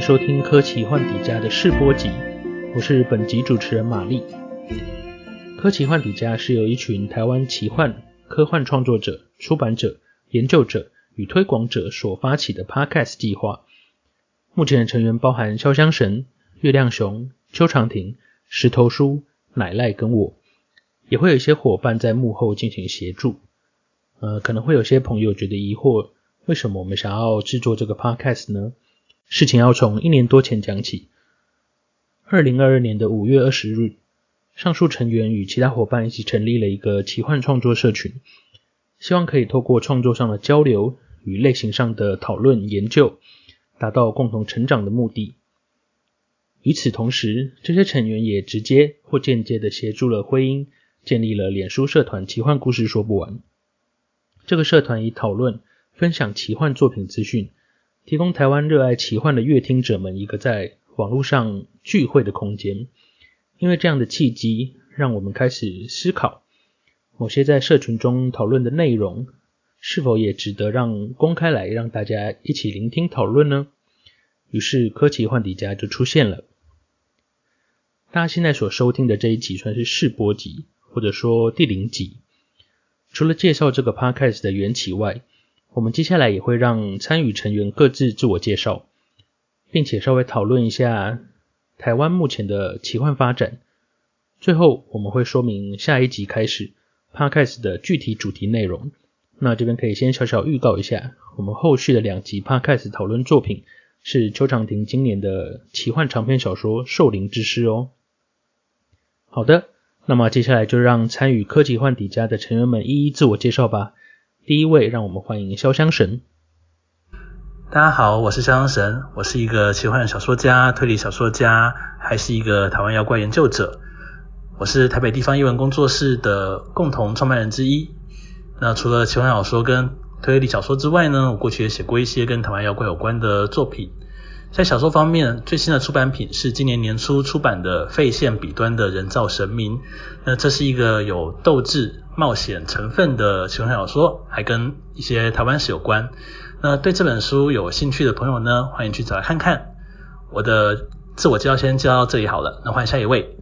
收聽科奇幻底家的試播集，我是本集主持人馬立。科奇幻底家是由一群台灣奇幻、科幻創作者、出版者、研究者與推廣者所發起的 Podcast 計劃。目前的成員包含瀟湘神、月亮熊、邱常婷、石頭書、乃賴跟我，也會有一些夥伴在幕後進行協助。呃，可能會有些朋友覺得疑惑，為什麼我們想要制作這個 Podcast 呢？事情要從一年多前講起。二零二二年的五月二十日，上述成員與其他伙伴一起成立了一個奇幻創作社群，希望可以透過創作上的交流與類型上的討論研究，達到共同成長的目的。與此同時，這些成員也直接或間接地協助了婚姻，建立了臉書社團“奇幻故事說不完”。這個社團以討論、分享奇幻作品資訊。提供台灣熱愛奇幻的閱聽者們一個在網絡上聚會的空間，因為這樣的契機，讓我們開始思考，某些在社群中討論的內容，是否也值得讓公開來讓大家一起聆聽討論呢？於是科奇幻底家就出現了。大家現在所收聽的這一集算是試播集，或者說第零集，除了介紹這個 Podcast 的緣起外，我們接下來也會讓參與成員各自自我介紹，並且稍微討論一下台灣目前的奇幻發展。最後我們會說明下一集開始 podcast 的具體主題內容。那這邊可以先小小預告一下，我們後續的兩集 podcast 討論作品是邱常婷今年的奇幻長篇小說《獸靈之詩》哦。好的，那麼接下來就讓參與科技幻底家的成員們一一自我介紹吧。第一位，讓我們歡迎瀟湘神。大家好，我是瀟湘神，我是一個奇幻小說家、推理小說家，還是一個台灣妖怪研究者。我是台北地方異聞工作室的共同創辦人之一。那除了奇幻小說跟推理小說之外呢，我過去也寫過一些跟台灣妖怪有關的作品。在小說方面，最新的出版品是今年年初出版的《廢線彼端的人造神明》。那這是一個有鬥智、冒險成分的奇幻小說，還跟一些台灣史有關。那對這本書有興趣的朋友呢，歡迎去找來看看。我的自我介紹先介紹到這裡好了，那歡迎下一位。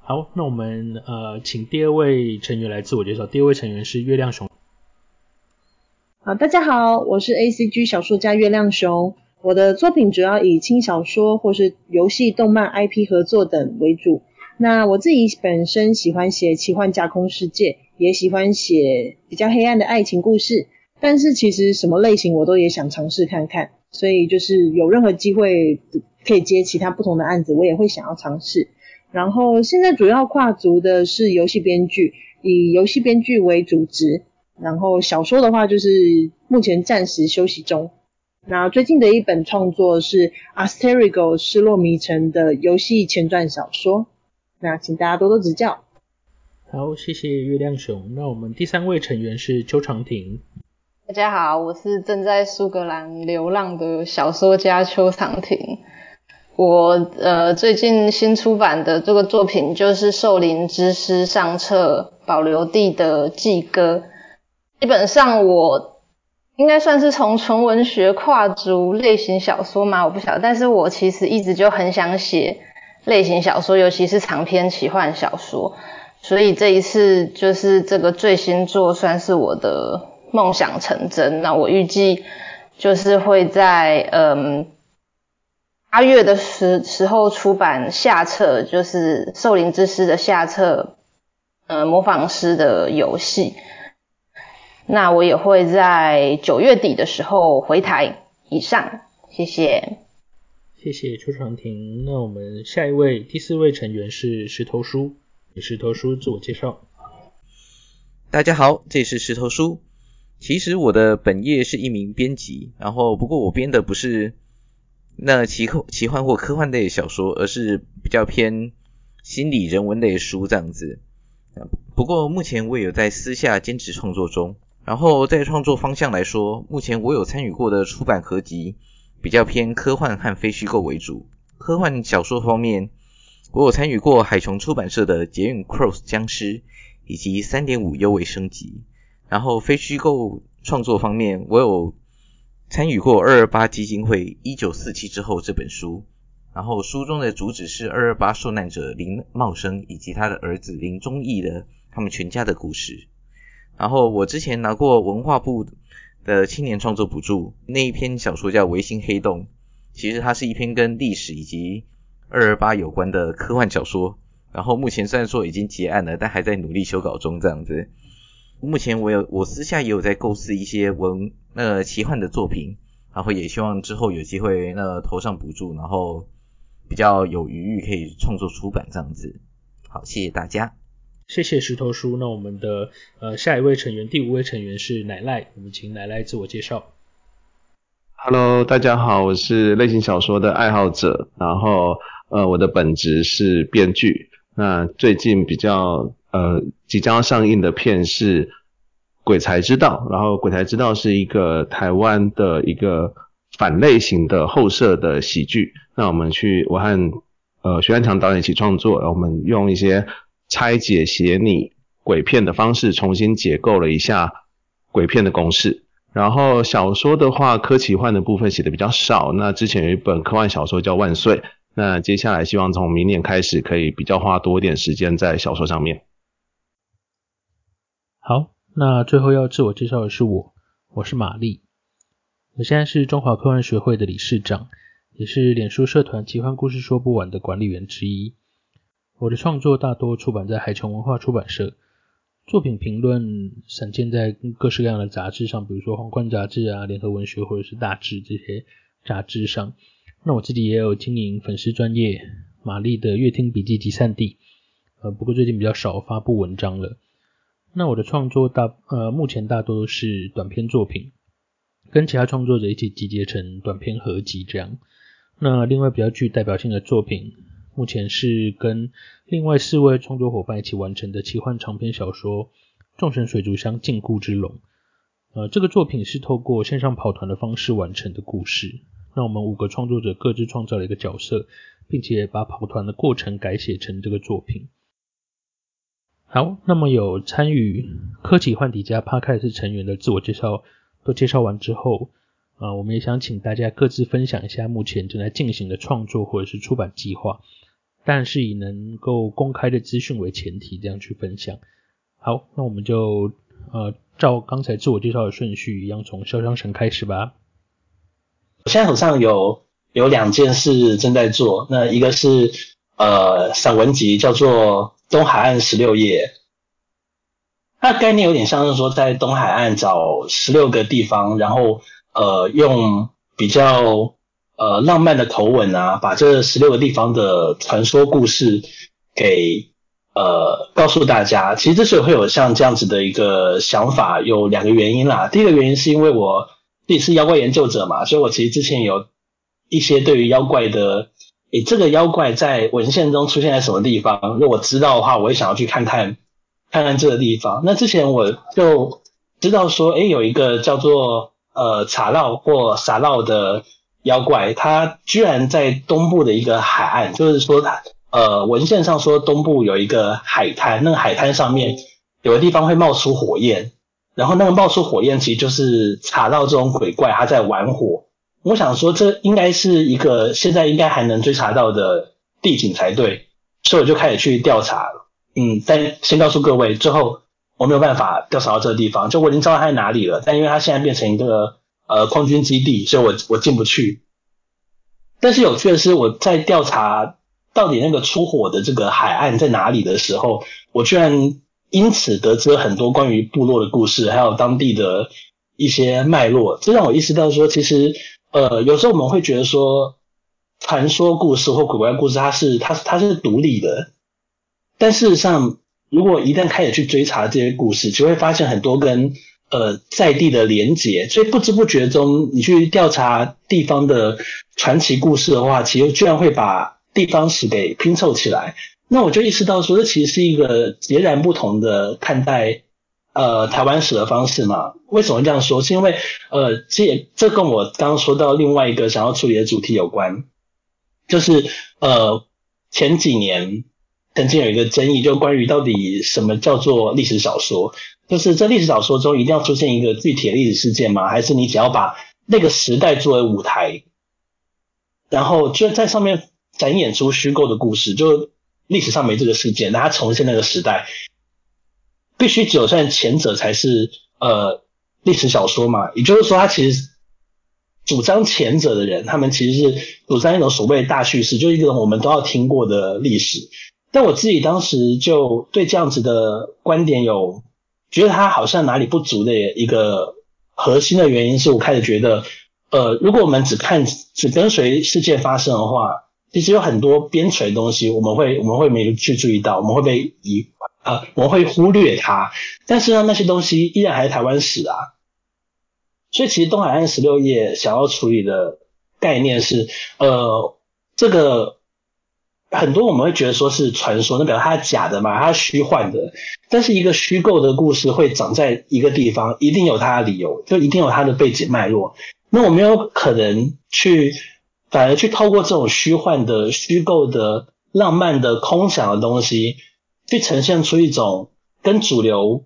好，那我們呃，請第二位成員來自我介紹。第二位成員是月亮熊。好，大家好，我是 A C G 小說家月亮熊。我的作品主要以輕小說或是遊戲、動漫 IP 合作等為主。那我自己本身喜歡寫奇幻架空世界，也喜歡寫比較黑暗的愛情故事。但是其實什麼類型我都也想嘗試看看，所以就是有任何機會可以接其他不同的案子，我也會想要嘗試。然後現在主要跨足的是遊戲編劇，以遊戲編劇為主職。然後小說的話，就是目前暫時休息中。那最近的一本創作是《Asterigos 失落迷城》的遊戲前傳小說，那請大家多多指教。好，謝謝月亮熊。那我們第三位成員是邱常婷。大家好，我是正在蘇格蘭流浪的小說家邱常婷。我呃最近新出版的這個作品就是《獸靈之詩上冊保留地的祭歌》。基本上我應該算是從純文學跨足類型小說嗎？我不曉得，但是我其實一直就很想寫類型小說，尤其是長篇奇幻小說，所以這一次就是這個最新作算是我的夢想成真。那我預計就是會在嗯八月的時時候出版下冊，就是《獸靈之詩》的下冊，呃，模仿師的遊戲。那我也會在九月底的時候回台以上，謝謝。謝謝邱常婷。那我們下一位第四位成員是石頭書，石頭書自我介紹。大家好，這是石頭書。其實我的本業是一名編輯，然後不過我編的不是那奇幻奇幻或科幻類小說，而是比較偏心理人文類書這樣子。不過目前我也有在私下兼職創作中。然後在創作方向來說，目前我有參與過的出版合集比較偏科幻和非虛構為主。科幻小說方面，我有參與過海穹出版社的《捷運 Cross 殭屍》以及《三點五幽微升級》。然後非虛構創作方面，我有參與過二二八基金會《一九四七之後》這本書。然後書中的主旨是二二八受難者林茂生以及他的兒子林宗義的他們全家的故事。然後我之前拿過文化部的青年創作補助，那一篇小說叫《維新黑洞》，其實它是一篇跟歷史以及二二八有關的科幻小說。然後目前雖然說已經結案了，但還在努力修稿中這樣子。目前我有，我私下也有在構思一些文，呃、那個，奇幻的作品。然後也希望之後有機會，那個、投上補助，然後比較有餘裕可以創作出版這樣子。好，謝謝大家。謝謝石頭書。那我們的呃下一位成員，第五位成員是乃賴。我們請乃賴自我介紹。Hello，大家好，我是類型小說的愛好者，然後呃我的本職是編劇。那最近比較呃即將上映的片是《鬼才之道》，然後《鬼才之道》是一個台灣的一個反類型的後設的喜劇。那我們去我和呃徐漢強導演一起創作，我們用一些。拆解寫你鬼片的方式，重新解構了一下鬼片的公式。然後小說的話，科幻的部分寫的比較少。那之前有一本科幻小說叫《萬歲》，那接下來希望從明年開始可以比較花多一點時間在小說上面。好，那最後要自我介紹的是我，我是馬立，我現在是中華科幻學會的理事長，也是臉書社團《奇幻故事說不完》的管理員之一。我的創作大多出版在海穹文化出版社，作品評論散見在各式各樣的雜誌上，比如說《皇冠雜誌》啊、《聯合文學》或者是《大誌》這些雜誌上。那我自己也有經營粉絲專頁馬立的閱聽筆記集散地，呃，不過最近比較少發布文章了。那我的創作大呃，目前大多都是短篇作品，跟其他創作者一起集結成短篇合集這樣。那另外比較具代表性的作品。目前是跟另外四位創作夥伴一起完成的奇幻長篇小說《眾神水族箱禁錮之龍》。呃，這個作品是透過線上跑團的方式完成的故事。那我們五個創作者各自創造了一個角色，並且把跑團的過程改寫成這個作品。好，那麼有參與科奇幻 Podcast 成員的自我介紹都介紹完之後，啊、呃，我們也想請大家各自分享一下目前正在進行的創作或者是出版計劃，但是以能夠公開的資訊為前提，這樣去分享。好，那我們就呃照剛才自我介紹的順序一樣，從瀟湘神開始吧。我現在手上有有兩件事正在做，那一個是呃散文集叫做《東海岸十六頁》，那概念有點像是說在東海岸找十六個地方，然後呃用比較，呃，浪漫的口吻啊，把這十六個地方的傳說故事給呃告訴大家。其實之所以會有像這樣子的一個想法，有兩個原因啦。第一個原因是因為我自己是妖怪研究者嘛，所以我其實之前有一些對於妖怪的，哎，這個妖怪在文獻中出現在什麼地方，如果我知道的話，我也想要去看看看看這個地方。那之前我就知道說，哎，有一個叫做呃茶鬧或傻鬧的。妖怪，他居然在東部的一個海岸，就是說，他呃，文獻上說東部有一個海灘，那個海灘上面有的地方會冒出火焰，然後那個冒出火焰其實就是查到這種鬼怪他在玩火。我想說，這應該是一個現在應該還能追查到的地景才對，所以我就開始去調查，嗯，但先告訴各位，最後我沒有辦法調查到這個地方，就我已經知道他在哪裡了，但因為他現在變成一個。呃，空軍基地，所以我我進不去。但是有趣的是，我在調查到底那個出火的這個海岸在哪裡的時候，我居然因此得知了很多關於部落的故事，還有當地的一些脈絡。這讓我意識到說，其實呃，有時候我們會覺得說，傳說故事或鬼怪故事它是它它是獨立的，但事實上，如果一旦開始去追查這些故事，就會發現很多跟。呃，在地的連結，所以不知不覺中，你去調查地方的傳奇故事的話，其實居然會把地方史給拼湊起來。那我就意識到說，這其實是一個截然不同的看待，呃，台灣史的方式嘛。為什麼這樣說？是因為呃，這這跟我剛剛說到另外一個想要處理的主題有關，就是呃前幾年曾經有一個爭議，就關於到底什麼叫做歷史小說。就是在歷史小說中一定要出現一個具體的歷史事件嗎？還是你只要把那個時代作為舞台，然後就在上面展演出虛構的故事？就歷史上沒這個事件，那他重現那個時代，必須只有算前者才是呃歷史小說嘛？也就是說，他其實主張前者的人，他們其實是主張一種所謂的大敘事，就一種我們都要聽過的歷史。但我自己當時就對這樣子的觀點有。覺得它好像哪裡不足的一個核心的原因，是我開始覺得，呃，如果我們只看只跟隨事件發生的話，其實有很多邊陲的東西，我們會我們會沒去注意到，我們會被遺呃，我們會忽略它。但是呢，那些東西依然還是台灣史啊。所以其實東海岸十六頁想要處理的概念是，呃，這個。很多我們會覺得說是傳說，那表示它是假的嘛，它是虛幻的。但是一個虛構的故事會長在一個地方，一定有它的理由，就一定有它的背景脈絡。那我沒有可能去，反而去透過這種虛幻的、虛構的、浪漫的、空想的東西，去呈現出一種跟主流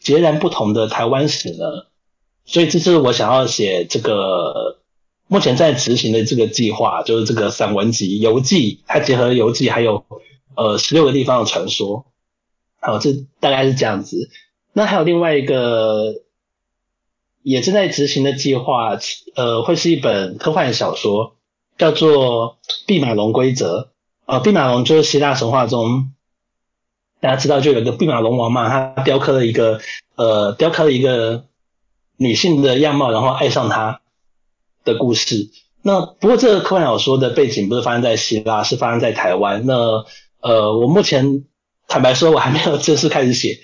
截然不同的台灣史呢。所以這是我想要寫這個。目前在執行的這個計劃就是這個散文集《遊記》，它結合遊記還有呃十六個地方的傳說，好，這大概是這樣子。那還有另外一個也正在執行的計劃，呃，會是一本科幻小說，叫做《畢馬龍規則》。啊、呃，畢馬龍就是希臘神話中大家知道，就有一個畢馬龍王嘛，他雕刻了一個呃雕刻了一個女性的樣貌，然後愛上他的故事。那不過這個科幻小說的背景不是發生在希臘，是發生在台灣。那呃，我目前坦白說，我還沒有正式開始寫，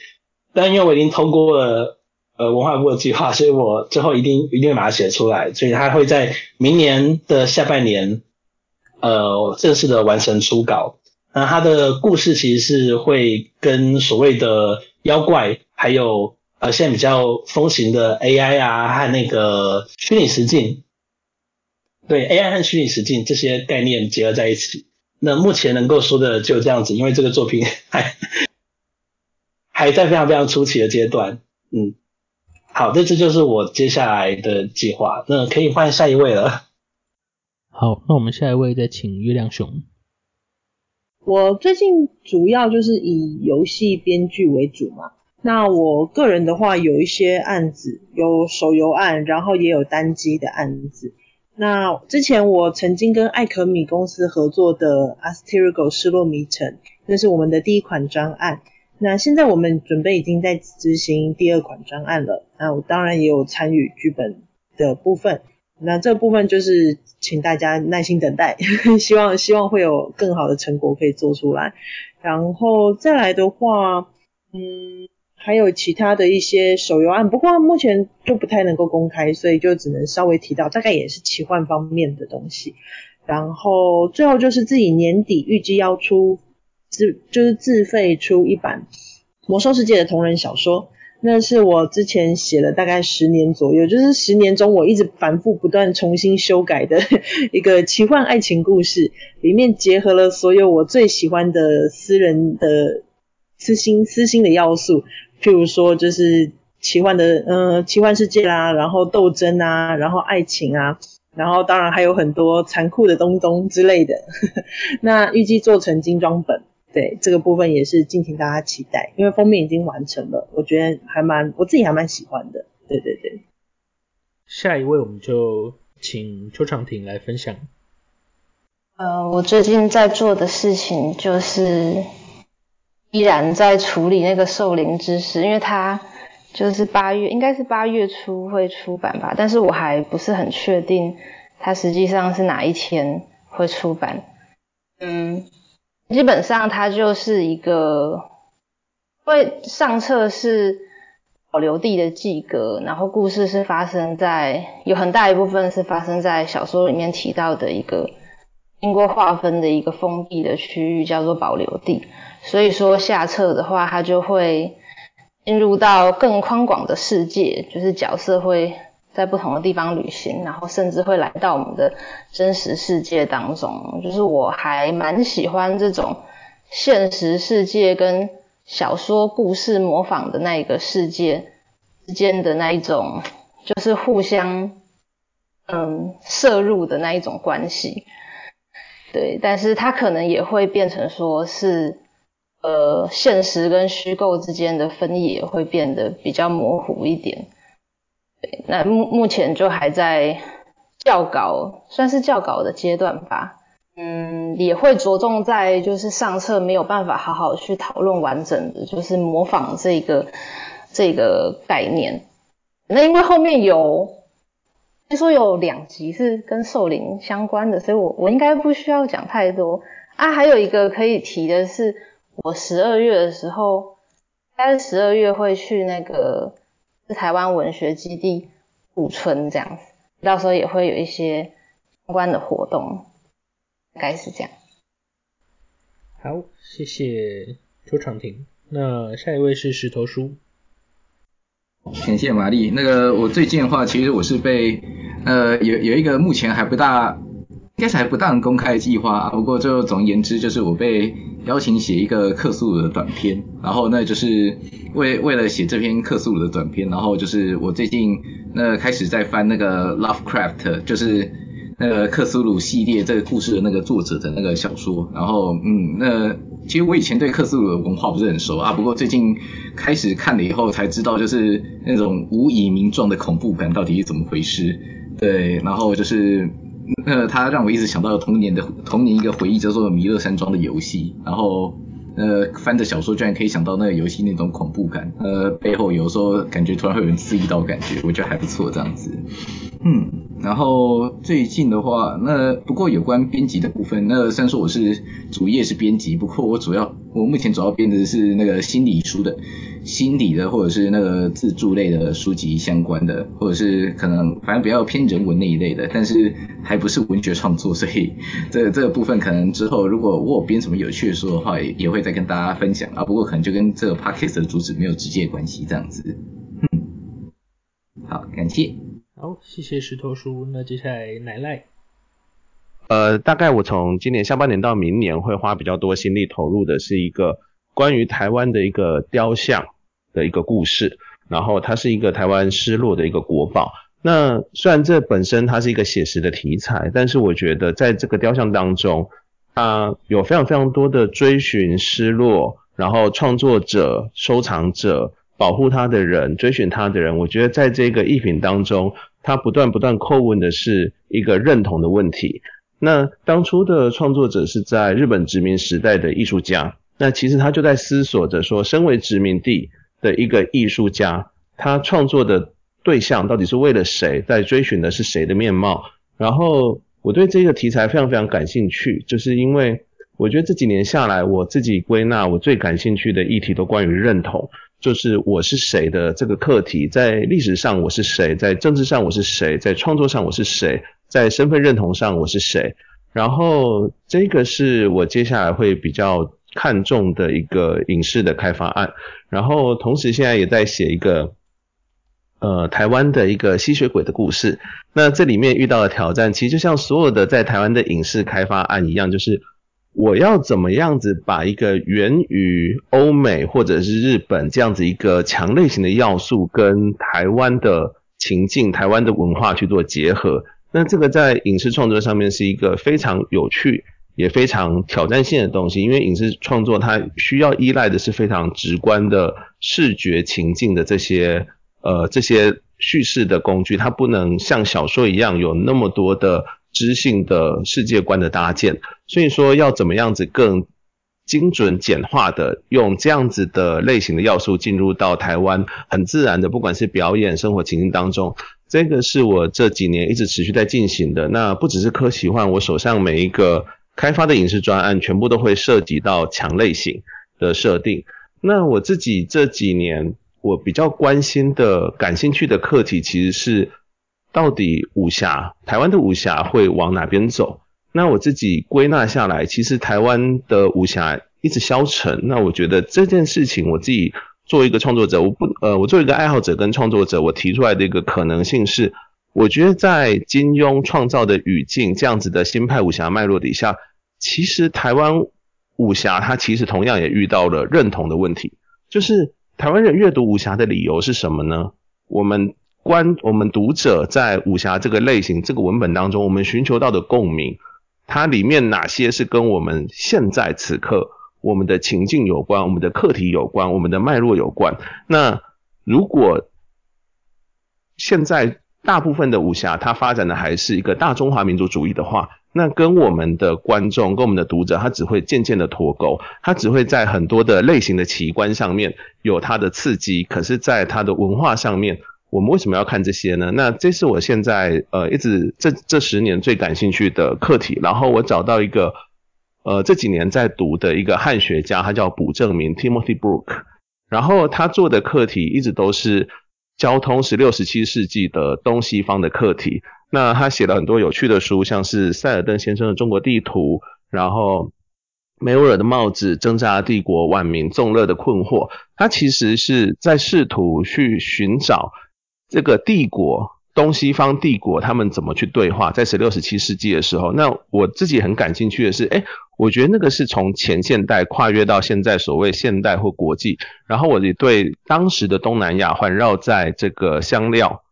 但因為我已經通過了呃文化部的計劃，所以我最後一定一定會把它寫出來。所以它會在明年的下半年呃正式的完成初稿。那它的故事其實是會跟所謂的妖怪，還有呃現在比較風行的 AI 啊和那個虛擬實境。對，AI 和虛擬實境這些概念結合在一起。那目前能夠說的就這樣子，因為這個作品還還在非常非常初期的階段。嗯，好，那這就是我接下來的計劃。那可以換下一位了。好，那我們下一位再請月亮熊。我最近主要就是以遊戲編劇為主嘛。那我個人的話，有一些案子，有手遊案，然後也有單機的案子。那之前我曾經跟艾可米公司合作的《Asterigos 失落迷城》，那是我們的第一款專案。那現在我們準備已經在執行第二款專案了。那我當然也有參與劇本的部分。那這部分就是請大家耐心等待，希望希望會有更好的成果可以做出來。然後再來的話，嗯。還有其他的一些手遊案，不過目前就不太能夠公開，所以就只能稍微提到，大概也是奇幻方面的東西。然後最後就是自己年底預計要出自就是自費出一版《魔獸世界》的同人小說，那是我之前寫了大概十年左右，就是十年中我一直反復不斷重新修改的一個奇幻愛情故事，裡面結合了所有我最喜歡的私人的。私心私心的要素，譬如說就是奇幻的嗯奇幻世界啦、啊，然後鬥爭啊，然後愛情啊，然後當然還有很多殘酷的東東之類的。 那預計做成精裝本，對這個部分也是敬請大家期待，因為封面已經完成了，我覺得還蠻我自己還蠻喜歡的。對對對。下一位我們就請邱常婷來分享。呃，我最近在做的事情就是。依然在處理那個獸靈之詩，因為它就是八月，應該是八月初會出版吧，但是我還不是很確定它實際上是哪一天會出版。嗯，基本上它就是一個，因為上冊是保留地的祭歌，然後故事是發生在，有很大一部分是發生在小說裡面提到的一個經過劃分的一個封閉的區域，叫做保留地。所以說下冊的話，它就會進入到更寬廣的世界，就是角色會在不同的地方旅行，然後甚至會來到我們的真實世界當中。就是我還蠻喜歡這種現實世界跟小說故事模仿的那一個世界之間的那一種，就是互相嗯涉入的那一種關係。對，但是它可能也會變成說是。呃，現實跟虛構之間的分野也會變得比較模糊一點。對，那目目前就還在校稿，算是校稿的階段吧。嗯，也會着重在就是上冊沒有辦法好好去討論完整的，就是模仿這個這個概念。那因為後面有聽說有兩集是跟獸靈相關的，所以我我應該不需要講太多。啊，還有一個可以提的是。我十二月的時候，大概是十二月會去那個台灣文學基地古村這樣子，到時候也會有一些相關的活動，大概是這樣。好，謝謝邱常婷。那下一位是石頭書。感謝馬立。那個我最近的話，其實我是被呃有有一個目前還不大，接下來不當公開計劃啊，不過就總而言之，就是我被邀請寫一個克蘇魯的短篇，然後那就是為為了寫這篇克蘇魯的短篇，然後就是我最近那開始在翻那個 Lovecraft，就是那個克蘇魯系列這個故事的那個作者的那個小說，然後嗯，那其實我以前對克蘇魯的文化不是很熟啊，不過最近開始看了以後才知道，就是那種無以名狀的恐怖感到底是怎麼回事，對，然後就是。呃，他讓我一直想到童年的童年一個回憶，叫做《彌勒山莊》的遊戲。然後，呃，翻着小說居然可以想到那個遊戲那種恐怖感。呃，背後有時候感覺突然會有人刺一刀感覺，我覺得還不錯這樣子。嗯，然後最近的話，那不過有關編輯的部分，那雖然說我是主業是編輯，不過我主要我目前主要編的是那個心理書的，心理的或者是那個自助類的書籍相關的，或者是可能反正比較偏人文那一類的，但是還不是文學創作，所以這這個部分可能之後如果我有編什麼有趣的書的話也，也會再跟大家分享啊。不過可能就跟這個 podcast 的主旨沒有直接關係，這樣子。嗯。好，感謝。好，謝謝石頭書。那接下來乃賴。呃，大概我從今年下半年到明年會花比較多心力投入的是一個關於台灣的一個雕像的一個故事。然後它是一個台灣失落的一個國寶。那雖然這本身它是一個寫實的題材，但是我覺得在這個雕像當中，它有非常非常多的追尋、失落，然後創作者、收藏者、保護它的人、追尋它的人，我覺得在這個藝品當中，他不斷不斷叩問的是一個認同的問題。那當初的創作者是在日本殖民時代的藝術家，那其實他就在思索着說，身為殖民地的一個藝術家，他創作的對象到底是為了誰，在追尋的是誰的面貌？然後我對這個題材非常非常感興趣，就是因為我覺得這幾年下來，我自己歸納我最感興趣的議題都關於認同。就是我是誰的這個課題，在歷史上我是誰，在政治上我是誰，在創作上我是誰，在身份認同上我是誰。然後這個是我接下來會比較看重的一個影視的開發案。然後同時現在也在寫一個呃台灣的一個吸血鬼的故事。那這裡面遇到的挑戰，其實就像所有的在台灣的影視開發案一樣，就是。我要怎麼樣子把一個源於歐美或者是日本這樣子一個強類型的要素，跟台灣的情境、台灣的文化去做結合？那這個在影視創作上面是一個非常有趣也非常挑戰性的東西，因為影視創作它需要依賴的是非常直觀的視覺情境的這些呃這些敘事的工具，它不能像小說一樣有那麼多的知性的世界觀的搭建。所以說要怎麼樣子更精準、簡化的用這樣子的類型的要素進入到台灣，很自然的，不管是表演、生活情境當中，這個是我這幾年一直持續在進行的。那不只是科奇幻，我手上每一個開發的影視專案，全部都會涉及到強類型的設定。那我自己這幾年我比較關心的、感興趣的課題，其實是到底武俠、台灣的武俠會往哪邊走？那我自己歸納下來，其實台灣的武俠一直消沉。那我覺得這件事情，我自己作為一個創作者，我不呃，我作為一個愛好者跟創作者，我提出來的一個可能性是，我覺得在金庸創造的語境這樣子的新派武俠脈絡底下，其實台灣武俠它其實同樣也遇到了認同的問題。就是台灣人閱讀武俠的理由是什麼呢？我們觀我們讀者在武俠這個類型這個文本當中，我們尋求到的共鳴。它裡面哪些是跟我們現在此刻我們的情境有關、我們的課題有關、我們的脈絡有關？那如果現在大部分的武俠它發展的還是一個大中華民族主義的話，那跟我們的觀眾、跟我們的讀者，他只會漸漸的脫鈎，他只會在很多的類型的奇觀上面有它的刺激，可是在它的文化上面，我們為什麼要看這些呢？那這是我現在呃一直這這十年最感興趣的課題。然後我找到一個呃這幾年在讀的一個漢學家，他叫卜正明 （Timothy Brook）。然後他做的課題一直都是交通，十六十七世紀的東西方的課題。那他寫了很多有趣的書，像是塞爾登先生的《中國地圖》，然後維梅爾的《帽子》，掙扎的帝國、晚明、縱樂的困惑。他其實是在試圖去尋找。這個帝國，東西方帝國，他們怎麼去對話？在十六、十七世紀的時候，那我自己很感興趣的是，誒，我覺得那個是從前現代跨越到現在所謂現代或國際。然後我也對當時的東南亞環繞在這個香料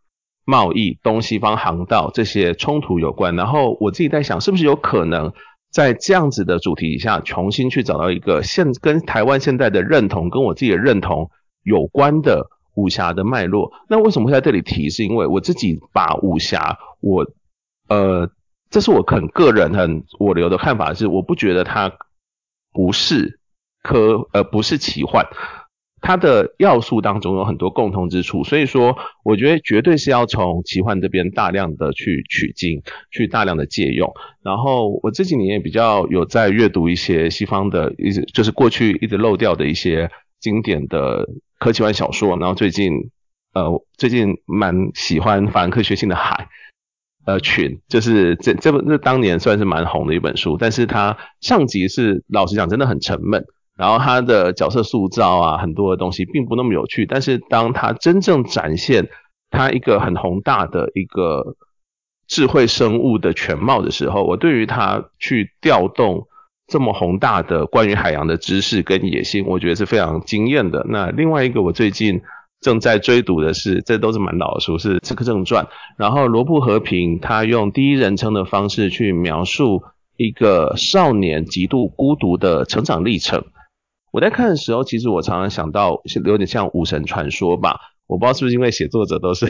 貿易、東西方航道這些衝突有關。然後我自己在想，是不是有可能在這樣子的主題下，重新去找到一個現跟台灣現在的認同，跟我自己的認同有關的。武俠的脈絡，那為什麼會在這裡提？是因為我自己把武俠，我呃，這是我很個人很我留的看法是，我不覺得它不是科呃不是奇幻，它的要素當中有很多共同之處，所以說我覺得絕對是要從奇幻這邊大量的去取經，去大量的借用。然後我這幾年也比較有在閱讀一些西方的一就是過去一直漏掉的一些經典的。科技類小說，然後最近，呃，最近蠻喜歡泛科學性的海，呃，群，就是這這本是當年算是蠻紅的一本書，但是它上集是老實講真的很沉悶，然後它的角色塑造啊，很多的東西並不那麼有趣，但是當它真正展現它一個很宏大的一個智慧生物的全貌的時候，我對於它去調動。這麼宏大的關於海洋的知識跟野心，我覺得是非常驚艷的。那另外一個，我最近正在追讀的是，這都是蠻老的書，是《刺客正傳》。然後羅布·和平他用第一人稱的方式去描述一個少年極度孤獨的成長歷程。我在看的時候，其實我常常想到，有點像《五神傳說》吧？我不知道是不是因為寫作者都是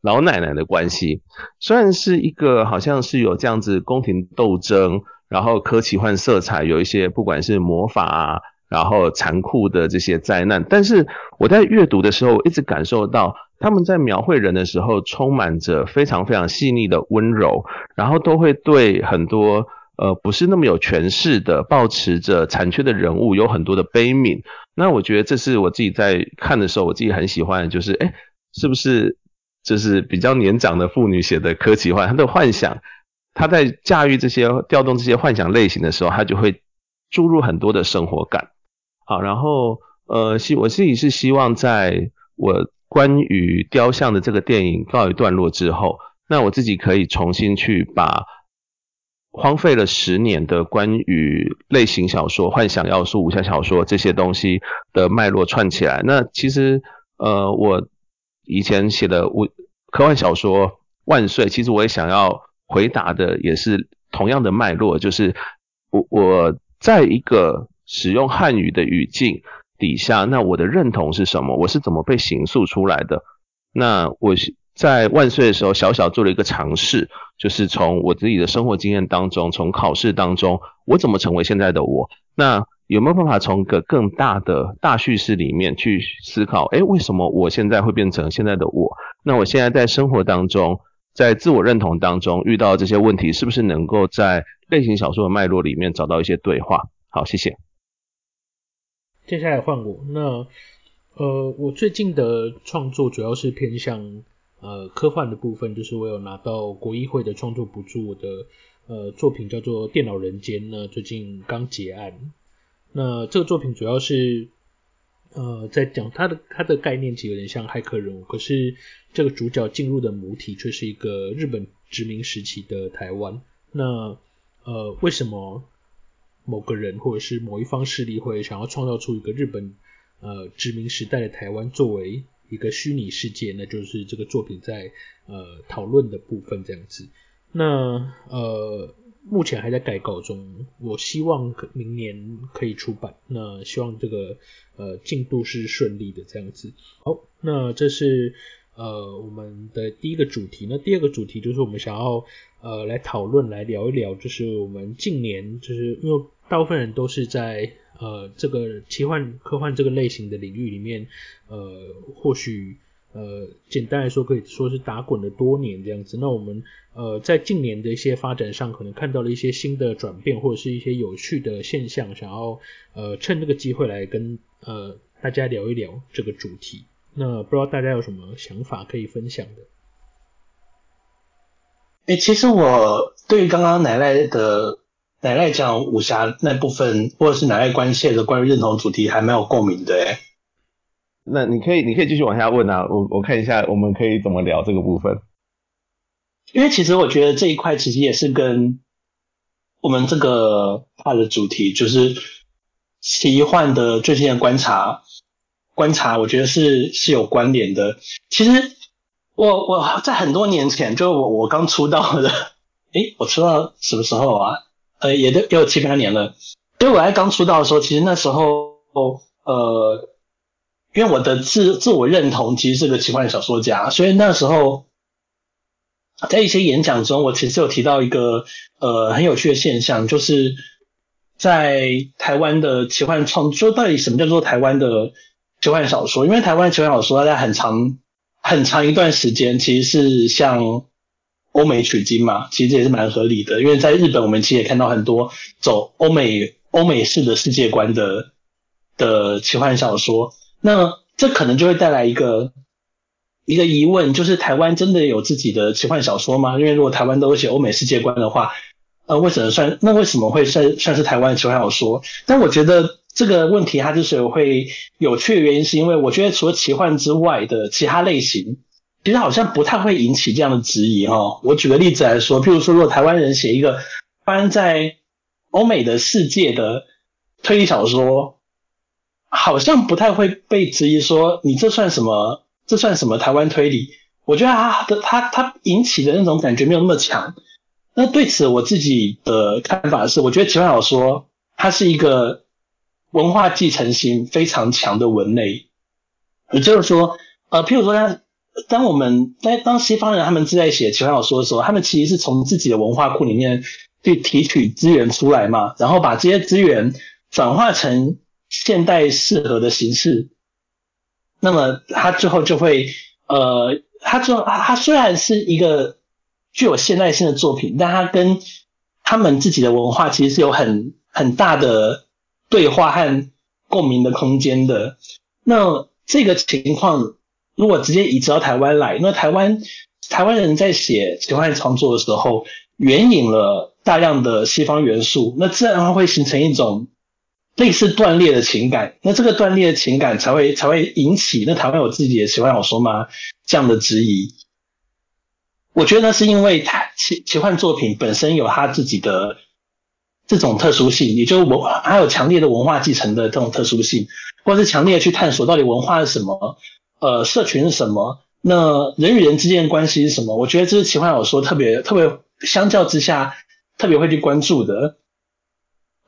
老奶奶的關係，雖然是一個好像是有這樣子宮廷鬥爭。然後，科奇幻色彩有一些，不管是魔法啊，然後殘酷的這些災難。但是我在閱讀的時候，我一直感受到他們在描繪人的時候，充滿着非常非常細膩的溫柔。然後都會對很多呃不是那麼有權勢的，抱持着殘缺的人物，有很多的悲憫。那我覺得這是我自己在看的時候，我自己很喜歡的就是誒，是不是就是比較年長的婦女寫的科奇幻，她的幻想？他在駕馭這些、調動這些幻想類型的時候，他就會注入很多的生活感。好，然後呃，希我自己是希望在我關於雕像的這個電影告一段落之後，那我自己可以重新去把荒廢了十年的關於類型小說、幻想要素、武俠小說這些東西的脈絡串起來。那其實呃，我以前寫的我科幻小說《萬歲》，其實我也想要。回答的也是同樣的脈絡，就是我我在一個使用漢語的語境底下，那我的認同是什麼？我是怎麼被形塑出來的？那我在萬歲的時候，小小做了一個嘗試，就是從我自己的生活經驗當中，從考試當中，我怎麼成為現在的我？那有沒有辦法從一個更大的大敘事裡面去思考，誒，為什麼我現在會變成現在的我？那我現在在生活當中。在自我認同當中遇到這些問題，是不是能夠在類型小說的脈絡裡面找到一些對話？好，謝謝。接下來換我。那呃，我最近的創作主要是偏向呃科幻的部分，就是我有拿到國藝會的創作補助，我的呃作品叫做《電腦人間》，呢最近剛結案。那這個作品主要是呃在講它的它的概念其實有點像駭客任務，可是。這個主角進入的母體卻是一個日本殖民時期的台灣。那呃，為什麼某個人或者是某一方勢力會想要創造出一個日本呃殖民時代的台灣作為一個虛擬世界呢？那就是這個作品在呃討論的部分這樣子。那呃，目前還在改稿中，我希望明年可以出版。那希望這個呃進度是順利的這樣子。好，那這是。呃，我們的第一個主題。那第二個主題就是我們想要呃來討論來聊一聊，就是我們近年就是因為大部分人都是在呃這個奇幻科幻這個類型的領域裡面，呃，或許呃簡單來說可以說是打滾了多年這樣子。那我們呃在近年的一些發展上，可能看到了一些新的轉變或者是一些有趣的現象，想要呃趁這個機會來跟呃大家聊一聊這個主題。那不知道大家有什麼想法可以分享的？哎、欸，其實我對於剛剛乃賴的乃賴講武俠那部分，或者是乃賴關切的關於認同主題，還，還蠻有共鳴的。那你可以，你可以繼續往下問啊，我我看一下，我們可以怎麼聊這個部分？因為其實我覺得這一塊其實也是跟我們這個他的主題，就是奇幻的最近的觀察。觀察，我覺得是是有關聯的。其實，我我在很多年前，就我我剛出道的，誒，我出道什麼時候啊？呃，也都也有七八年了。對，我在剛出道的時候，其實那時候，呃，因為我的自自我認同其實是個奇幻小說家，所以那時候，在一些演講中，我其實有提到一個呃很有趣的現象，就是在台灣的奇幻創作到底什麼叫做台灣的。奇幻小說，因為台灣的奇幻小說在很長很長一段時間，其實是向歐美取經嘛，其實這也是蠻合理的。因為在日本，我們其實也看到很多走歐美歐美式的世界觀的的奇幻小說。那這可能就會帶來一個一個疑問，就是台灣真的有自己的奇幻小說嗎？因為如果台灣都寫歐美世界觀的話，呃，為什麼算？那為什麼會算算是台灣的奇幻小說？但我覺得。這個問題它之所以會有趣的原因，是因為我覺得除了奇幻之外的其他類型，其實好像不太會引起這樣的質疑哈、哦。我舉個例子來說，譬如說如果台灣人寫一個發生在歐美的世界的推理小說，好像不太會被質疑說你這算什麼？這算什麼台灣推理？我覺得它的它它，它引起的那種感覺沒有那麼強。那對此我自己的看法是，我覺得奇幻小說它是一個。文化繼承性非常強的文類，也就是說，呃，譬如說，當當我們，當當西方人他們正在寫奇幻小說的時候，他們其實是從自己的文化庫裡面去提取資源出來嘛，然後把這些資源轉化成現代適合的形式，那麼他最後就會，呃，他最後，他，他雖然是一個具有現代性的作品，但他跟他們自己的文化其實是有很很大的。對話和共鳴的空間的，那這個情況如果直接移植到台灣來，那台灣台灣人在寫奇幻創作的時候，援引了大量的西方元素，那自然會形成一種類似斷裂的情感，那這個斷裂的情感才會才會引起那台灣有自己的奇幻小說嗎？這樣的質疑。我覺得呢，是因為他奇，奇幻作品本身有他自己的。這種特殊性，也就我，還有強烈的文化繼承的這種特殊性，或者是強烈的去探索到底文化是什麼，呃，社群是什麼，那人與人之間的關係是什麼？我覺得這是奇幻小說特別特別相較之下特別會去關注的。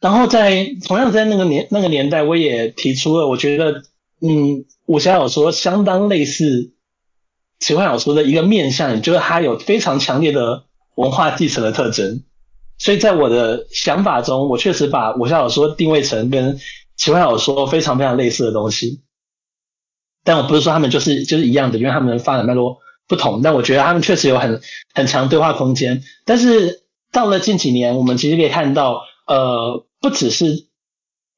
然後在同樣在那個年那個年代，我也提出了，我覺得嗯，武俠小說相當類似奇幻小說的一個面向，就是它有非常強烈的文化繼承的特徵。所以在我的想法中，我確實把武俠小說定位成跟奇幻小說非常非常類似的東西，但我不是說他們就是就是一樣的，因為他們發展脈絡不同。但我覺得他們確實有很很強對話空間。但是到了近幾年，我們其實可以看到，呃，不只是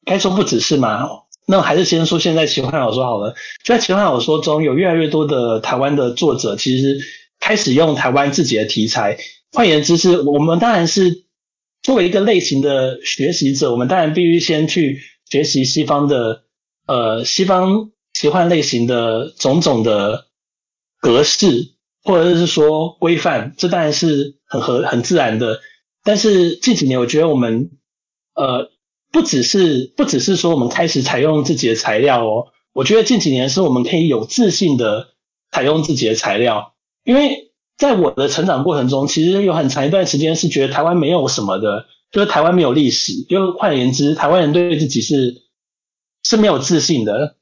該說不只是嘛，那我還是先說現在奇幻小說好了。就在奇幻小說中有越來越多的台灣的作者，其實開始用台灣自己的題材。換言之，是我們當然是。作為一個類型的學習者，我們當然必須先去學習西方的呃西方奇幻類型的種種的格式或者是說規範，這當然是很合很自然的。但是近幾年，我覺得我們呃不只是不只是說我們開始採用自己的材料哦，我覺得近幾年是我們可以有自信的採用自己的材料，因為。在我的成長過程中，其實有很長一段時間是覺得台灣沒有什麼的，就是台灣沒有歷史。就換言之，台灣人對自己是是沒有自信的。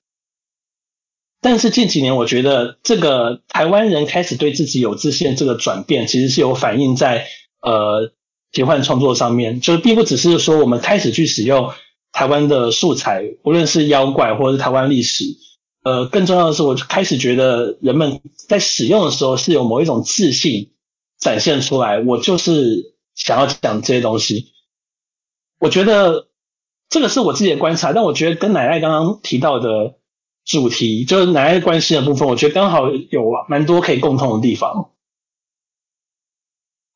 但是近幾年，我覺得這個台灣人開始對自己有自信，這個轉變其實是有反映在呃奇幻創作上面，就是並不只是說我們開始去使用台灣的素材，無論是妖怪或者是台灣歷史。呃，更重要的是，我就開始覺得人們在使用的時候是有某一種自信展現出來。我就是想要講這些東西，我覺得這個是我自己的觀察，但我覺得跟乃賴剛剛提到的主題，就是乃賴關係的部分，我覺得剛好有蠻多可以共通的地方。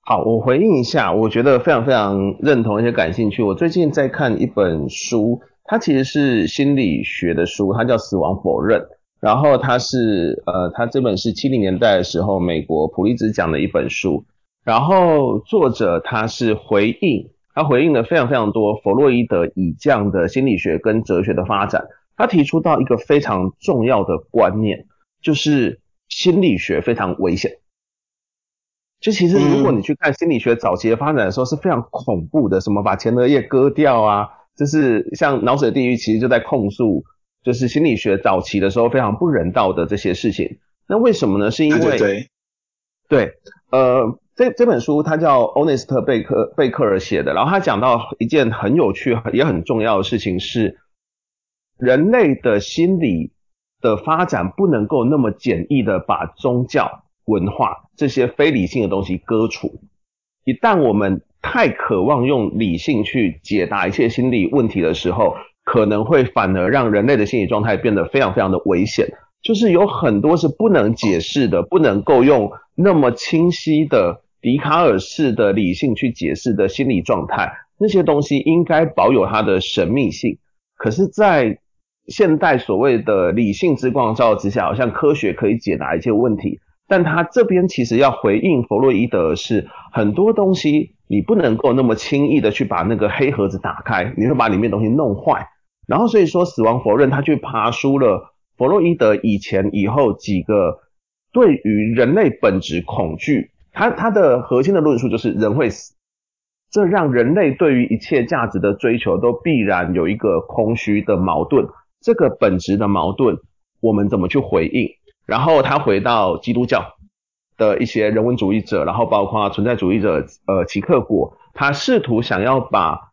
好，我回應一下，我覺得非常非常認同，而且感興趣。我最近在看一本書。它其實是心理學的書，它叫《死亡否認》。然後它是呃，它這本是七零年代的時候美國普利茲獎的一本書。然後作者他是回應，他回應了非常非常多弗洛伊德以降的心理學跟哲學的發展。他提出到一個非常重要的觀念，就是心理學非常危險。就其實如果你去看心理學早期的發展的時候、嗯、是非常恐怖的，什麼把前額葉割掉啊。就是像《腦髓的地獄》，其實就在控訴，就是心理學早期的時候非常不人道的這些事情。那為什麼呢？是因為對，對，對，對，呃，這這本書它叫歐內斯特·貝克貝克爾寫的。然後他講到一件很有趣也很重要的事情是，人類的心理的發展不能夠那麼簡易的把宗教、文化這些非理性的東西割除。一旦我們太渴望用理性去解答一切心理問題的時候，可能會反而讓人類的心理狀態變得非常非常的危險。就是有很多是不能解釋的，不能夠用那麼清晰的笛卡爾式的理性去解釋的心理狀態，那些東西應該保有它的神秘性。可是，在現代所謂的理性之光照之下，好像科學可以解答一些問題，但他這邊其實要回應弗洛伊德是很多東西。你不能夠那麼輕易的去把那個黑盒子打開，你會把裡面的東西弄壞。然後所以說，死亡否認他去爬梳了，弗洛伊德以前以後幾個對於人類本質恐懼，他他的核心的論述就是人會死，這讓人類對於一切價值的追求都必然有一個空虛的矛盾。這個本質的矛盾，我們怎麼去回應？然後他回到基督教，的一些人文主義者，然後包括存在主義者，呃，齊克果，他試圖想要把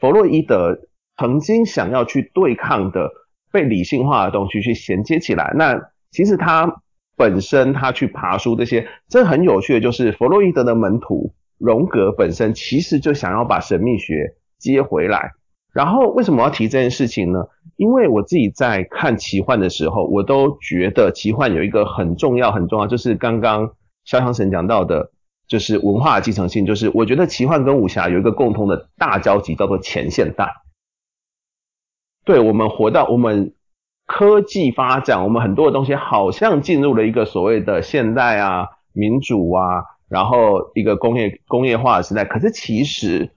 弗洛伊德曾經想要去對抗的被理性化的東西去銜接起來。那其實他本身他去爬梳這些，這很有趣的就是弗洛伊德的門徒榮格本身其實就想要把神秘學接回來。然後為什麼要提這件事情呢？因為我自己在看奇幻的時候，我都覺得奇幻有一個很重要、很重要，就是剛剛瀟湘神講到的，就是文化的繼承性。就是我覺得奇幻跟武俠有一個共同的大交集，叫做前現代。對我們活到我們科技發展，我們很多的東西好像進入了一個所謂的現代啊、民主啊，然後一個工業工業化的時代。可是其實。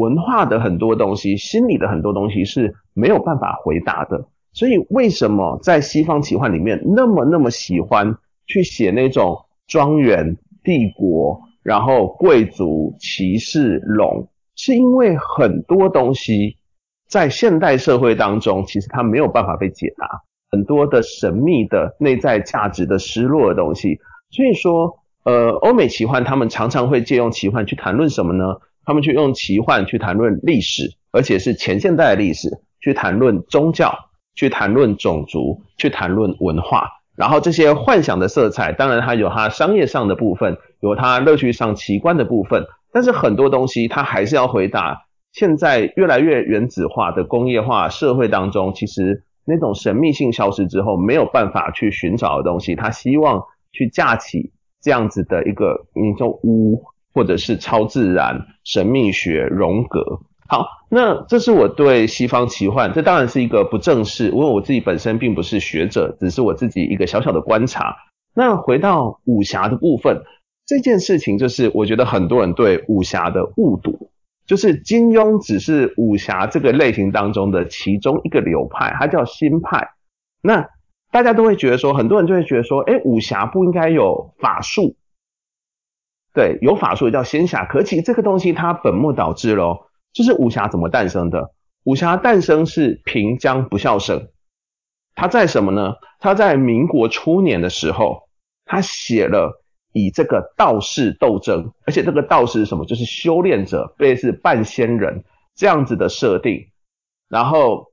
文化的很多東西，心理的很多東西是沒有辦法回答的。所以為什麼在西方奇幻裡面那麼那麼喜歡去寫那種莊園、帝國，然後貴族、騎士、龍，是因為很多東西在現代社會當中其實它沒有辦法被解答，很多的神秘的內在價值的失落的東西。所以說，呃，歐美奇幻他們常常會借用奇幻去談論什麼呢？他們去用奇幻去談論歷史，而且是前現代的歷史；去談論宗教，去談論種族，去談論文化。然後這些幻想的色彩，當然它有它商業上的部分，有它樂趣上奇觀的部分。但是很多東西，它還是要回答。現在越來越原子化的工業化社會當中，其實那種神秘性消失之後，沒有辦法去尋找的東西，它希望去架起這樣子的一個，你說屋。或者是超自然、神秘學、榮格。好，那這是我對西方奇幻，這當然是一個不正式，因為我自己本身並不是學者，只是我自己一個小小的觀察。那回到武俠的部分，這件事情就是我覺得很多人對武俠的誤讀，就是金庸只是武俠這個類型當中的其中一個流派，它叫新派。那大家都會覺得說，很多人就會覺得說，哎，武俠不應該有法術。對，有法術也叫仙俠，可其這個東西它本末倒置嘍。就是武俠怎麼誕生的？武俠誕生是平江不肖生，他在什麼呢？他在民國初年的時候，他寫了以這個道士鬥爭，而且這個道士是什麼？就是修煉者，類似半仙人這樣子的設定，然後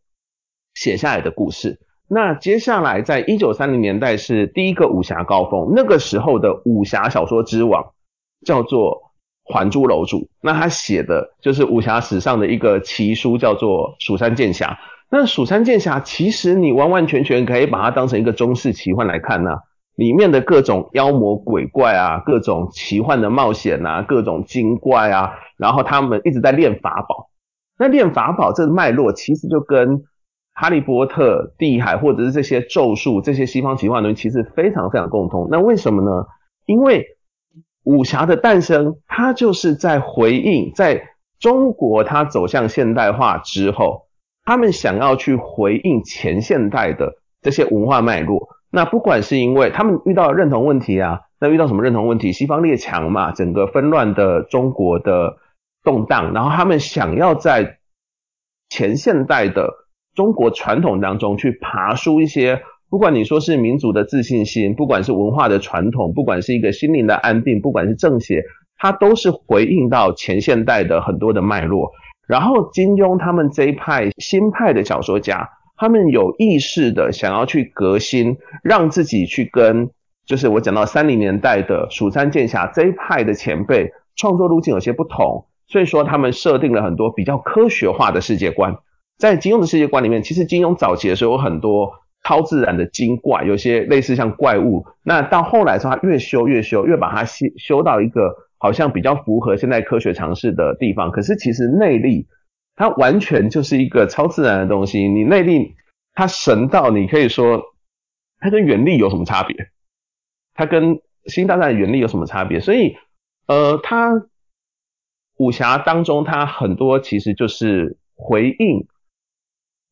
寫下來的故事。那接下來在一九三零年代是第一個武俠高峰，那個時候的武俠小說之王。叫做《還珠樓主》，那他寫的就是武俠史上的一個奇書，叫做《蜀山劍俠》。那《蜀山劍俠》其實你完完全全可以把它當成一個中式奇幻來看呢、啊。裡面的各種妖魔鬼怪啊，各種奇幻的冒險啊，各種精怪啊，然後他們一直在練法寶。那練法寶這個脈絡其實就跟《哈利波特》、《地海》或者是這些咒術、這些西方奇幻的東西其實非常非常共通。那為什麼呢？因為武俠的誕生，它就是在回應，在中國它走向現代化之後，他們想要去回應前現代的這些文化脈絡。那不管是因為他們遇到了認同問題啊，那遇到什麼認同問題？西方列強嘛，整個紛亂的中國的動盪，然後他們想要在前現代的中國傳統當中去爬梳一些。不管你說是民族的自信心，不管是文化的傳統，不管是一個心靈的安定，不管是正邪，它都是回應到前現代的很多的脈絡。然後金庸他們這一派新派的小說家，他們有意識的想要去革新，讓自己去跟就是我講到三零年代的蜀山劍俠這一派的前輩創作路徑有些不同，所以說他們設定了很多比較科學化的世界觀。在金庸的世界觀裡面，其實金庸早期的時候有很多。超自然的精怪，有些類似像怪物。那到後來說，他越修越修，越把它修修到一個好像比較符合現代科學常識的地方。可是其實內力，它完全就是一個超自然的東西。你內力，它神到你可以說，它跟原力有什麼差別？它跟《星際大戰》的原力有什麼差別？所以，呃，它武俠當中它很多其實就是回應。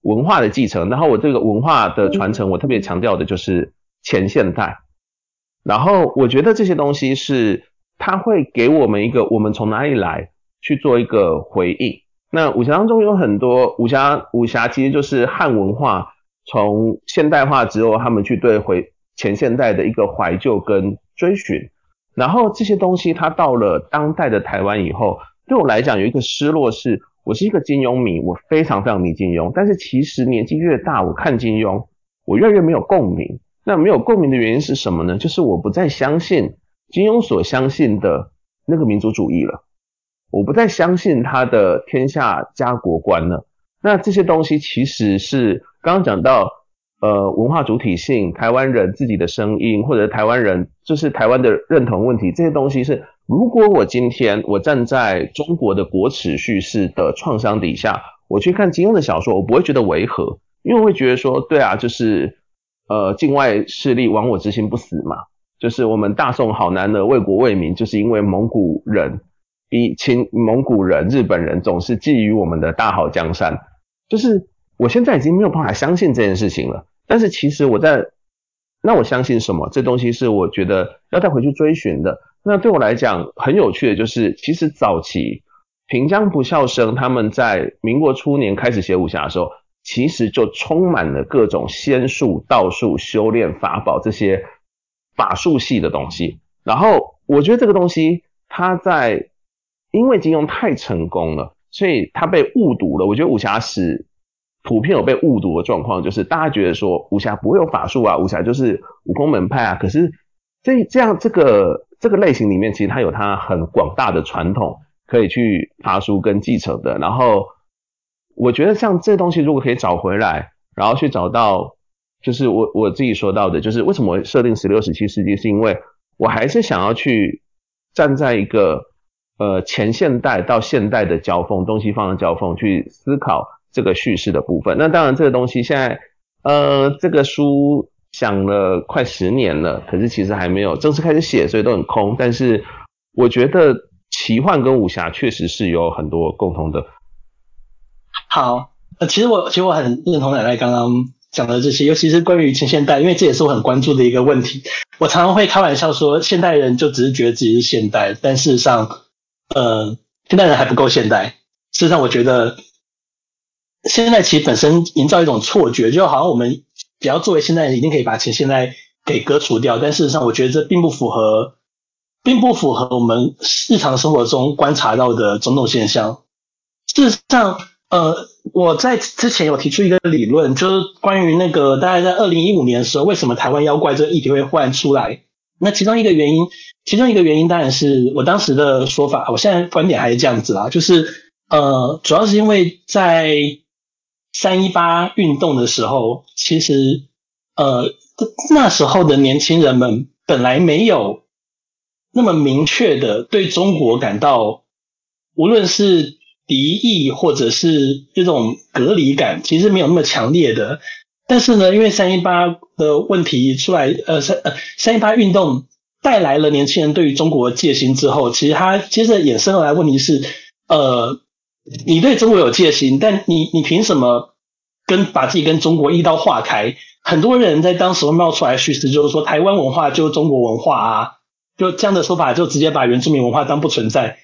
文化的繼承，然後我這個文化的傳承，我特別強調的就是前現代。然後我覺得這些東西是，他會給我們一個我們從哪裡來去做一個回憶。那武俠當中有很多武俠，武俠其實就是漢文化從現代化之後，他們去對回前現代的一個懷舊跟追尋。然後這些東西它到了當代的台灣以後，對我來講有一個失落是，我是一個金庸迷，我非常非常迷金庸，但是其實年紀越大，我看金庸，我越來越沒有共鳴。那沒有共鳴的原因是什麼呢？就是我不再相信金庸所相信的那個民族主義了，我不再相信他的天下家國觀了。那這些東西其實是剛剛講到，呃，文化主體性、台灣人自己的聲音，或者台灣人就是台灣的認同問題，這些東西是。如果我今天我站在中國的國恥敘事的創傷底下，我去看金庸的小說，我不會覺得違和，因為我會覺得說，對啊，就是呃境外勢力亡我之心不死嘛，就是我們大宋好男兒為國為民，就是因為蒙古人、比清蒙古人、日本人總是覬覦我們的大好江山，就是我現在已經沒有辦法相信這件事情了，但是其實我在。那我相信什麼？這東西是我覺得要再回去追尋的。那對我來講很有趣的就是，其實早期平江不肖生他們在民國初年開始寫武俠的時候，其實就充滿了各種仙術、道術、修煉、法寶這些法術系的東西。然後我覺得這個東西它在，因為金庸太成功了，所以它被誤讀了。我覺得武俠是。普遍有被誤讀的狀況，就是大家覺得說武俠不會有法術啊，武俠就是武功門派啊。可是這這樣這個這個類型裡面，其實它有它很廣大的傳統可以去發書跟繼承的。然後我覺得像這東西如果可以找回來，然後去找到，就是我我自己說到的，就是為什麼設定十六十七世紀，是因為我還是想要去站在一個呃前現代到現代的交鋒，東西方的交鋒去思考。這個敘事的部分，那當然這個東西現在，呃，這個書想了快十年了，可是其實還沒有正式開始寫，所以都很空。但是我覺得奇幻跟武俠確實是有很多共同的好。好，呃，其實我其實我很認同奶奶剛剛講的這些，尤其是關於近現代，因為這也是我很關注的一個問題。我常常會開玩笑說，現代人就只是覺得自己是現代，但事實上，呃，現代人還不夠現代。事實上，我覺得。現在其實本身營造一種錯覺，就好像我們只要作為現在人已經可以把錢現在給割除掉，但事實上我覺得這並不符合，並不符合我們日常生活中觀察到的種種現象。事實上，呃，我在之前有提出一個理論，就是關於那個大概在二零一五年的時候，為什麼台灣妖怪這個議題會忽然出來？那其中一個原因，其中一個原因當然是我當時的說法，我現在觀點還是這樣子啦，就是呃，主要是因為在三一八運動的時候，其實呃那時候的年輕人們本來沒有那麼明確的對中國感到無論是敵意或者是這種隔離感，其實沒有那麼強烈的。但是呢，因為三一八的問題出來，呃三呃三一八運動帶來了年輕人對於中國的戒心之後，其實它接着衍生而來問題是呃。你對中國有戒心，但你你憑什麼跟把自己跟中國一刀劃開？很多人在當時候冒出來的敘事就是說，台灣文化就是中國文化啊，就這樣的說法就直接把原住民文化當不存在。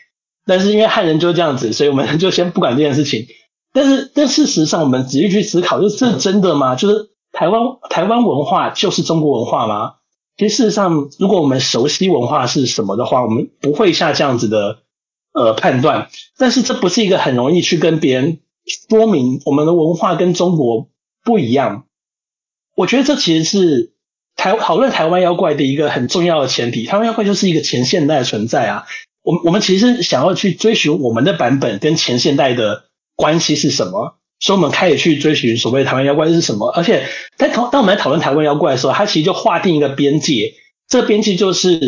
但是因為漢人就是這樣子，所以我們就先不管這件事情。但是但是事實上，我們仔細去思考，就是、嗯、這是真的嗎？就是台灣台灣文化就是中國文化嗎？其實事實上，如果我們熟悉文化是什麼的話，我們不會下這樣子的。呃，判斷，但是這不是一個很容易去跟別人說明我們的文化跟中國不一樣。我覺得這其實是台討論台灣妖怪的一個很重要的前提。台灣妖怪就是一個前現代的存在啊。我我們其實是想要去追尋我們的版本跟前現代的關係是什麼，所以我們開始去追尋所謂台灣妖怪是什麼。而且，當當我們在討論台灣妖怪的時候，它其實就劃定一個邊界，這邊界就是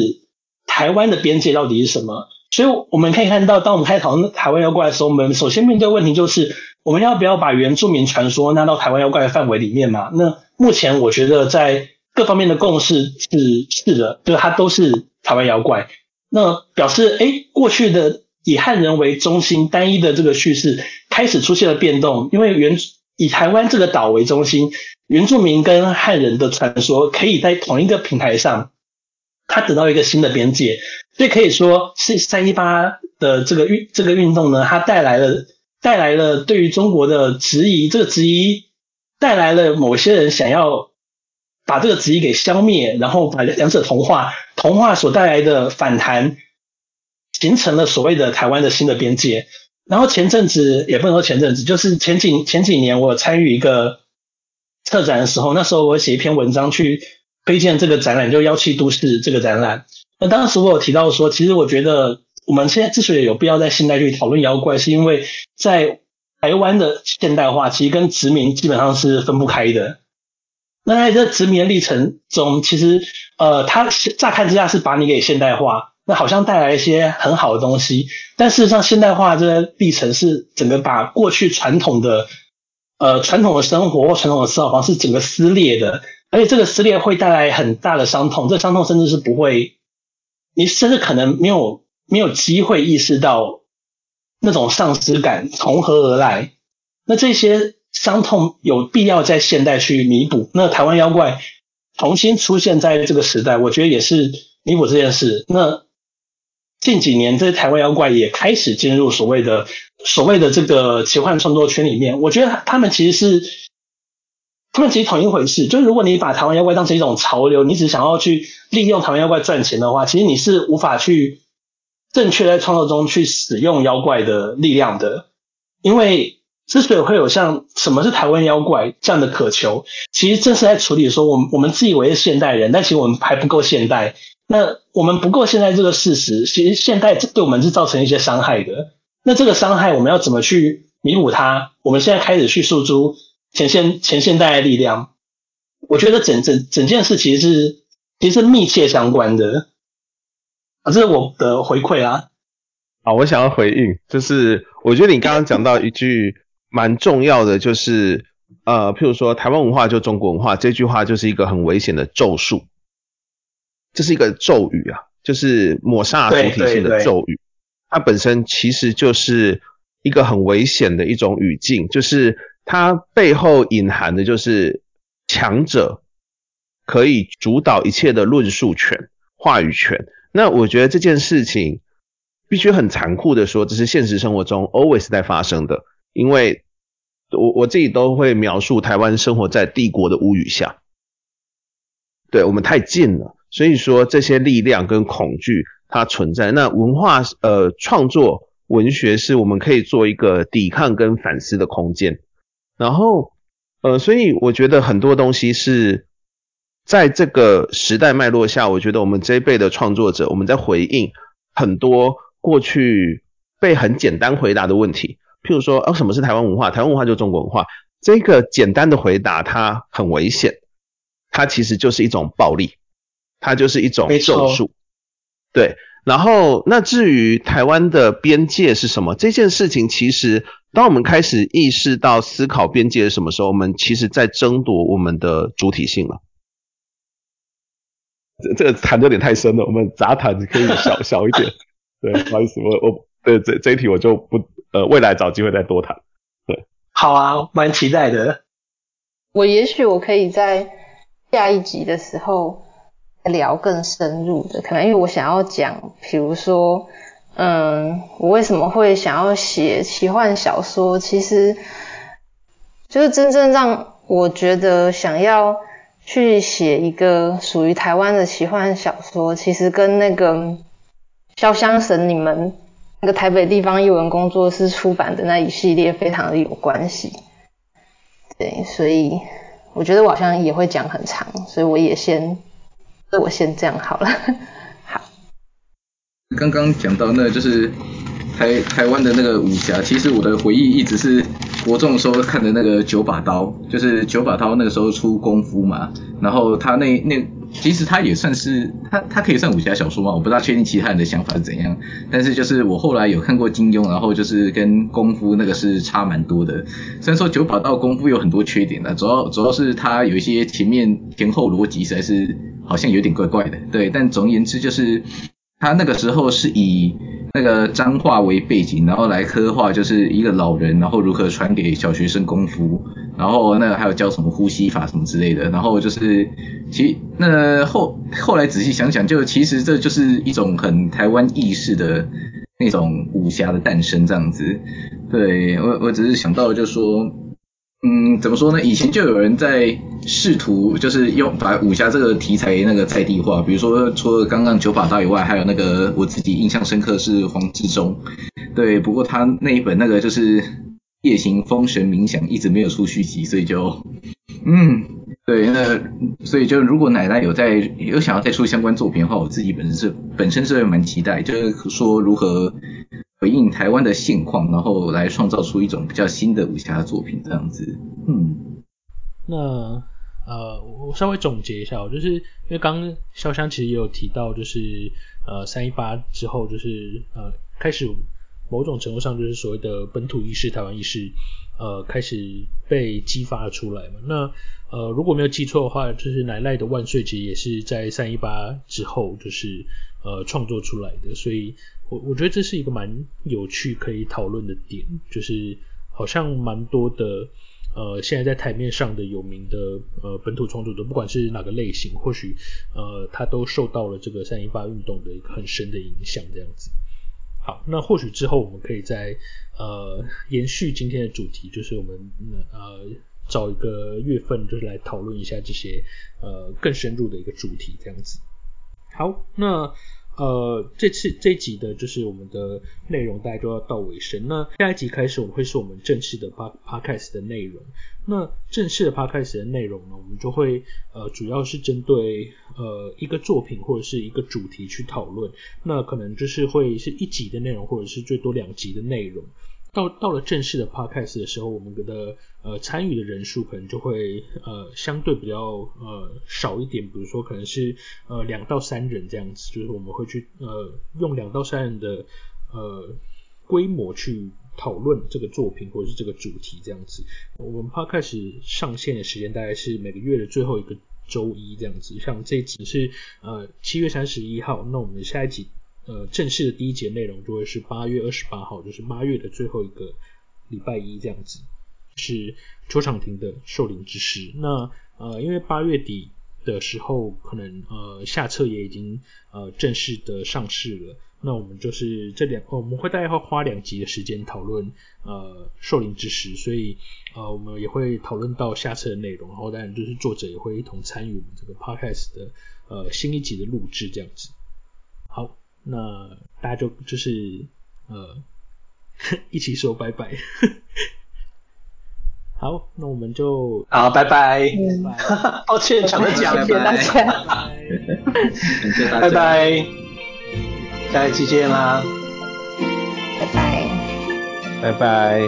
台灣的邊界到底是什麼？所以我們可以看到，當我們開始討論台灣妖怪的時候，我們首先面對問題就是我們要不要把原住民傳說納到台灣妖怪的範圍裡面嘛？那目前我覺得在各方面的共識是是的，就是它都是台灣妖怪。那表示，哎、欸，過去的以漢人為中心單一的這個敘事開始出現了變動，因為原以台灣這個島為中心，原住民跟漢人的傳說可以在同一個平台上，它得到一個新的邊界。所以可以說，是三一八的這個運這個運動呢，它帶來了帶來了對於中國的質疑，這個質疑帶來了某些人想要把這個質疑給消滅，然後把兩者同化，同化所帶來的反彈，形成了所謂的台灣的新的邊界。然後前陣子也不能說前陣子，就是前幾前幾年我參與一個策展的時候，那時候我寫一篇文章去推薦這個展覽，就妖氣都市這個展覽。那當時我有提到說，其實我覺得我們現在之所以有必要在現代去討論妖怪，是因為在台灣的現代化其實跟殖民基本上是分不開的。那在這殖民的歷程中，其實呃，它乍，乍看之下是把你給現代化，那好像帶來一些很好的東西，但事實上現代化這個歷程是整個把過去傳統的呃傳統的生活或傳統的思考方式整個撕裂的，而且這個撕裂會帶來很大的傷痛，這傷痛甚至是不會。你甚至可能沒有沒有機會意識到那種喪失感從何而來。那這些傷痛有必要在現代去彌補。那台灣妖怪重新出現在這個時代，我覺得也是彌補這件事。那近幾年，這些台灣妖怪也開始進入所謂的所謂的這個奇幻創作圈裡面，我覺得他們其實是。他們其實同一回事，就是如果你把台灣妖怪當成一種潮流，你只想要去利用台灣妖怪賺錢的話，其實你是無法去正確在創作中去使用妖怪的力量的。因為之所以會有像什麼是台灣妖怪這樣的渴求，其實正是在處理說我們，我我們自以為是現代人，但其實我們還不夠現代。那我們不夠現代這個事實，其實現代這對我們是造成一些傷害的。那這個傷害我們要怎麼去彌補它？我們現在開始去訴諸前線，前現代力量。我覺得整整整件事其實是，其實是密切相關的。啊，這是我的回饋啊。啊，我想要回應，就是我覺得你剛剛講到一句蠻重要的，就是呃，譬如說台灣文化就中國文化這句話，就是一個很危險的咒術，這是一個咒語啊，就是抹殺主體性的咒語。它本身其實就是一個很危險的一種語境，就是。它背後隱含的就是強者可以主導一切的論述權、話語權。那我覺得這件事情必須很殘酷的說，這是現實生活中 always 在發生的。因為，我我自己都會描述台灣生活在帝國的屋宇下。對，我們太近了，所以說這些力量跟恐懼它存在。那文化，呃，創作文學是我們可以做一個抵抗跟反思的空間。然後，呃，所以我覺得很多東西是在這個時代脈絡下，我覺得我們這一輩的創作者，我們在回應很多過去被很簡單回答的問題。譬如說，啊，什麼是台灣文化？台灣文化就是中國文化。這個簡單的回答它很危險，它其實就是一種暴力，它就是一種咒術。抽對。然後，那至於台灣的邊界是什麼這件事情，其實。當我們開始意識到思考邊界是什麼時候，我們其實在爭奪我們的主體性了。這這個談有點太深了，我們雜談可以小小一點。 對，不好意思，我我對這這一題我就不呃，未來找機會再多談。對，好啊，蠻期待的。我也許我可以在下一集的時候聊更深入的，可能因為我想要講，譬如說。嗯，我為什麼會想要寫奇幻小說？其實就是真正讓我覺得想要去寫一個屬於台灣的奇幻小說，其實跟那個《瀟湘神》你們那個台北地方異聞工作室出版的那一系列非常的有關係。對，所以我覺得我好像也會講很長，所以我也先，那我先這樣好了。剛剛講到，那就是台台灣的那個武俠。其實我的回憶一直是國中的時候看的那個《九把刀》，就是《九把刀》那個時候出功夫嘛。然後他那那其實他也算是他他可以算武俠小說嗎？我不大確定其他人的想法是怎樣。但是就是我後來有看過金庸，然後就是跟功夫那個是差蠻多的。雖然說《九把刀》功夫有很多缺點，主要主要是他有一些前面前後邏輯實在是好像有點怪怪的。對，但總而言之就是。他那個時候是以那個彰化為背景，然後來刻畫就是一個老人，然後如何傳給小學生功夫，然後那個還有教什麼呼吸法什麼之類的，然後就是，其那後後來仔細想想就，就其實這就是一種很台灣意識的那種武俠的誕生這樣子。對，我我只是想到就是說，嗯，怎麼說呢？以前就有人在。試圖就是用把武俠這個題材那個在地化，比如說除了剛剛九把刀以外，還有那個我自己印象深刻是黃志忠，對，不過他那一本那個就是《夜行風神鳴響》一直沒有出續集，所以就，嗯，對，那所以就如果乃賴有在有想要再出相關作品的話，我自己本身是本身是蠻期待，就是說如何回應台灣的現況，然後來創造出一種比較新的武俠作品這樣子，嗯，那。呃，我稍微總結一下，哦，就是因為剛瀟湘其實也有提到，就是呃三一八之後，就是呃開始某種程度上就是所謂的本土意識、台灣意識，呃開始被激發出來嘛。那呃如果沒有記錯的話，就是乃賴的萬歲其實也是在三一八之後就是呃創作出來的，所以我我覺得這是一個蠻有趣可以討論的點，就是好像蠻多的。呃，現在在台面上的有名的呃本土創作者，不管是哪個類型，或許呃他都受到了這個三一八運動的一個很深的影響，這樣子。好，那或許之後我們可以再呃延續今天的主題，就是我們呃找一個月份，就是來討論一下這些呃更深入的一個主題，這樣子。好，那。呃，這次這集的就是我們的內容，大概都要到尾聲。那下一集開始，我們會是我們正式的巴 podcast 的內容。那正式的 podcast 的內容呢，我們就會呃，主要是針對呃一個作品或者是一個主題去討論。那可能就是會是一集的內容，或者是最多兩集的內容。到到了正式的 podcast 的時候，我們的呃參與的人數可能就會呃相對比較呃少一點，比如說可能是呃兩到三人這樣子，就是我們會去呃用兩到三人的呃規模去討論這個作品或者是這個主題這樣子。我們 podcast 上線的時間大概是每個月的最後一個周一這樣子，像這一集是呃七月三十一號，那我們下一集。呃，正式的第一集內容就會是八月二十八號，就是八月的最後一個禮拜一這樣子，是邱常婷的獸靈之詩。那呃，因為八月底的時候，可能呃下冊也已經呃正式的上市了，那我們就是這兩，我們會大概會花兩集的時間討論呃獸靈之詩，所以呃我們也會討論到下冊的內容，然後當然就是作者也會一同參與我們這個 podcast 的呃新一集的錄制這樣子，好。那大家就就是呃，一起說拜拜。 好，那我們就好，啊拜拜。抱歉搶了獎，謝謝大家。拜拜，謝謝大家。拜拜，下一期見啦。拜拜，拜拜。